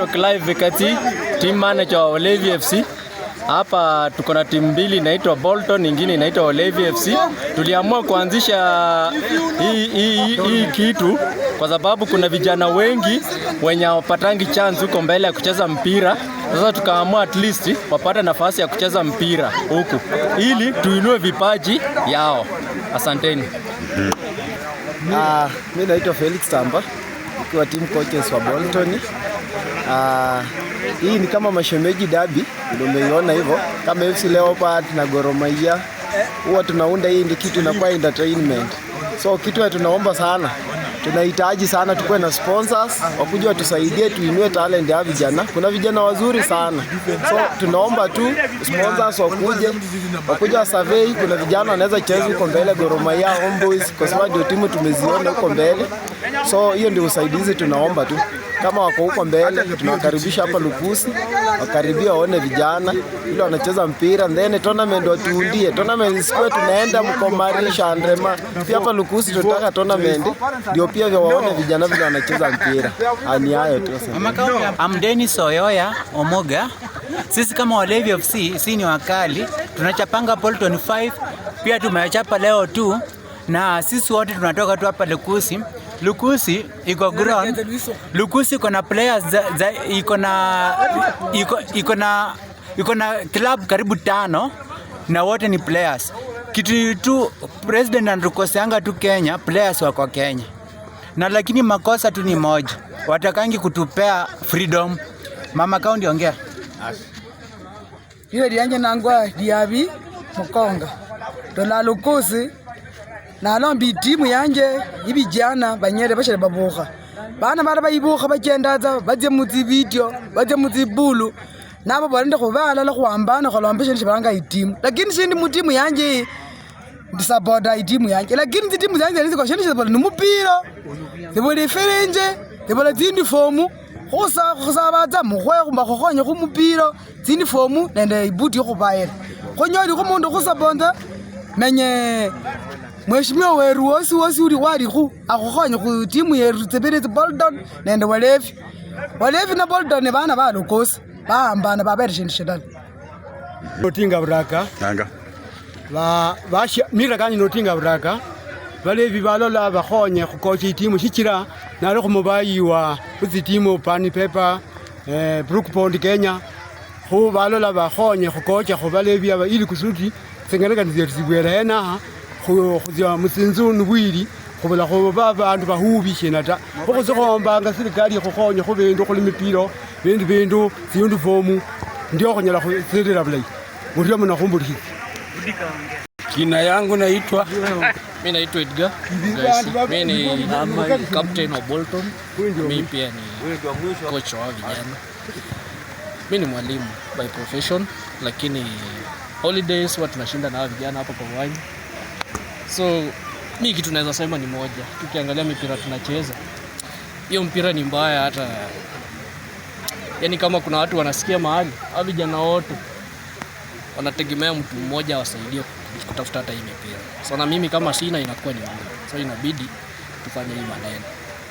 Talk live kati team manager wa Olevi FC. Hapa tuko na timu mbili inaitwa Bolton, nyingine inaitwa Olevi FC. Tuliamua kuanzisha hii hii hi, hi, hi, kitu kwa sababu kuna vijana wengi wenye wapatangi chance huko mbele ya kucheza mpira. Sasa tukaamua at least wapate nafasi ya kucheza mpira huku ili tuinue vipaji yao. Asanteni. Ah, mimi naitwa Felix Tamba, nikiwa team coaches wa Bolton. Uh, hii ni kama mashemeji dabi ndio umeiona hivyo, kama FC Leopard na Gor Mahia huwa tunaunda. Hii ni kitu inakuwa entertainment, so kitu tunaomba sana, tunahitaji sana tukuwe na sponsors wakuja watusaidie, tuinue talent ya vijana. Kuna vijana wazuri sana, so tunaomba tu sponsors wakuje, wakuja wa survey. Kuna vijana wanaweza cheza huko mbele, Gor Mahia Homeboys, kwa sababu ndio timu tumeziona huko mbele, so hiyo ndio usaidizi tunaomba tu kama wako huko mbele, tunawakaribisha hapa Lukusi, wakaribia waone vijana vile wanacheza mpira, then tournament watuundie tournament, sikuwe tunaenda mkomarisha andrema pia hapa Lukusi tunataka tournament, ndio pia vya waone vijana vile wanacheza mpira. Ani hayo tu I'm Dennis Oyoya Omoga. Sisi kama Walevi FC si ni wakali, tunachapanga Pol 25 pia tumechapa leo tu, na sisi wote tunatoka tu hapa Lukusi. Lukusi iko ground. Lukusi iko na players iko na iko na iko na club karibu tano na wote ni players. Kitu tu president anatukoseanga tu Kenya, players wako Kenya na lakini makosa tu ni moja, watakangi kutupea freedom. Mama kaundi ongea hiyo dianje nangwa diabi mukonga lukusi nalomba timu yanje ibijana banyere bashali babukha bana baje baibukha bachendatsa batsia mutsivideo batsia mutsibulu nababola ndi khubalala khuwambana khulomba shindu shibalanga itimu lakini shindi mutimu yanje iyi itimu yanje lakini tsitimu zanje ziko shindu shibola nimupira zibola ifilinje zibola tsinifomu khusabatsa mukhwekhumba khukhonye khumupira fomu nende ibudi ibuti yokhubayela khonyoli khumundu khusaponza menye mweshimiwa weru wosiwosi uli walikhu akhukhonye khu timu yeru tsibili tsi bolton nende walevi walevi na bolton ne bana balokosi bahambana babele shindu shilala notinga buraka anga mira kanyi notinga buraka balevi balola bakhonye khukocha itimu shichira nali khumubayiwa khuzitimu pani pepa eh, pond kenya khu balola bakhonye khukocha khubalevi aba ili kusudi tsingerekani zethu zibwele henaha khutsya mutsinzuni bwili khubula khuba bandu shina ta okhutsikhombanga serikali ikhukhonya khubindu khuli mipiro bindi bindu tsiunifomu ndio khunyala khusirira bulayi murio muna khumbulikhitsi jina yangu naitwa mi naitwa Edgar mi ni captain wa Bolton mi pia ni coach wa vijana mi ni mwalimu by profession lakini holidays huwa tunashinda na vijana hapa kwa uwanja So mi kitu naweza sema ni moja, tukiangalia mipira tunacheza hiyo mpira ni mbaya. Hata yani kama kuna watu wanasikia mahali au vijana wote wanategemea mtu mmoja awasaidie kutafuta hata hii mipira. So na mimi kama sina, inakuwa ni mbaya, so inabidi tufanye hii maneno.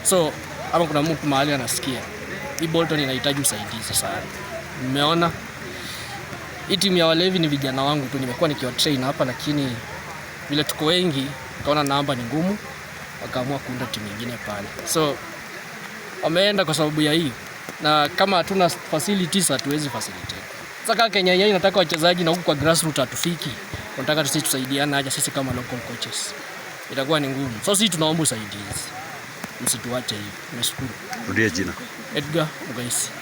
So ama kuna mtu mahali anasikia hii Bolton inahitaji usaidizi sana, Mmeona hii timu ya walevi ni vijana wangu tu, nimekuwa nikiwa train hapa lakini vile tuko wengi, wakaona namba ni ngumu, wakaamua kuunda timu nyingine pale. So wameenda kwa sababu ya hii, na kama hatuna facilities hatuwezi facilitate. Sasa kama Kenya yenyewe inataka wachezaji na huko kwa grassroots hatufiki, tunataka sisi tusaidiane aje, sisi kama local coaches itakuwa ni ngumu. So sisi tunaomba usaidizi, msituache hivi. Nashukuru. Rudia jina Edgar Mugaisi.